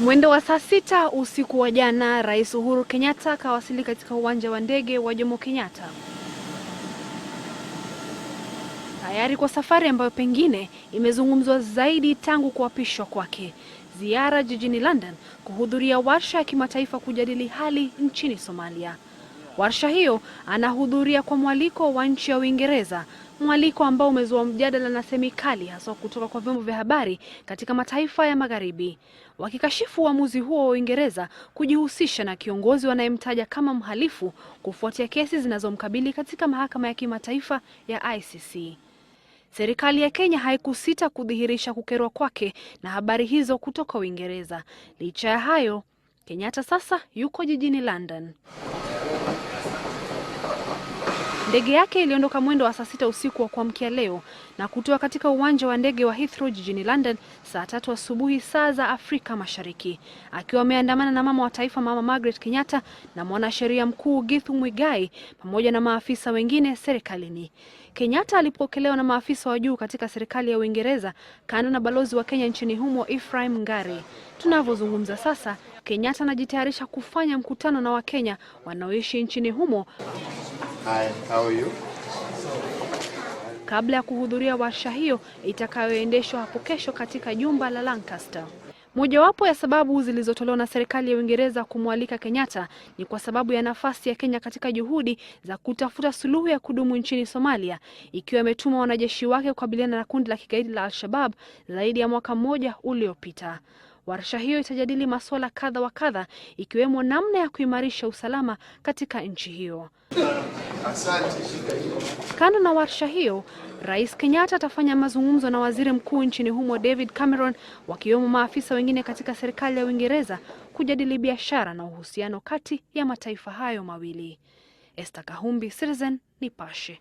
Mwendo wa saa sita usiku wa jana, Rais Uhuru Kenyatta akawasili katika uwanja wa ndege wa Jomo Kenyatta tayari kwa safari ambayo pengine imezungumzwa zaidi tangu kuapishwa kwake, ziara jijini London kuhudhuria warsha ya kimataifa kujadili hali nchini Somalia. Warsha hiyo anahudhuria kwa mwaliko wa nchi ya Uingereza, mwaliko ambao umezua mjadala na semikali haswa kutoka kwa vyombo vya habari katika mataifa ya Magharibi, wakikashifu uamuzi huo wa Uingereza kujihusisha na kiongozi wanayemtaja kama mhalifu kufuatia kesi zinazomkabili katika mahakama ya kimataifa ya ICC. Serikali ya Kenya haikusita kudhihirisha kukerwa kwake na habari hizo kutoka Uingereza. Licha ya hayo, Kenyatta sasa yuko jijini London. Ndege yake iliondoka mwendo wa saa sita usiku wa kuamkia leo na kutua katika uwanja wa ndege wa Heathrow jijini London saa tatu asubuhi saa za Afrika Mashariki, akiwa ameandamana na mama wa taifa Mama Margaret Kenyatta na mwanasheria mkuu Githu Mwigai pamoja na maafisa wengine serikalini. Kenyatta alipokelewa na maafisa wa juu katika serikali ya Uingereza, kando na balozi wa Kenya nchini humo Ephraim Ngare. Tunavyozungumza sasa, Kenyatta anajitayarisha kufanya mkutano na Wakenya wanaoishi nchini humo Hi, how are you? Kabla ya kuhudhuria warsha hiyo itakayoendeshwa hapo kesho katika jumba la Lancaster. Mojawapo ya sababu zilizotolewa na serikali ya Uingereza kumwalika Kenyatta ni kwa sababu ya nafasi ya Kenya katika juhudi za kutafuta suluhu ya kudumu nchini Somalia, ikiwa imetuma wanajeshi wake kukabiliana na kundi la kigaidi la al shabab zaidi ya mwaka mmoja uliopita. Warsha hiyo itajadili masuala kadha wa kadha ikiwemo namna ya kuimarisha usalama katika nchi hiyo. Kando na warsha hiyo, Rais Kenyatta atafanya mazungumzo na waziri mkuu nchini humo David Cameron, wakiwemo maafisa wengine katika serikali ya Uingereza kujadili biashara na uhusiano kati ya mataifa hayo mawili. Esther Kahumbi, Citizen Nipashe.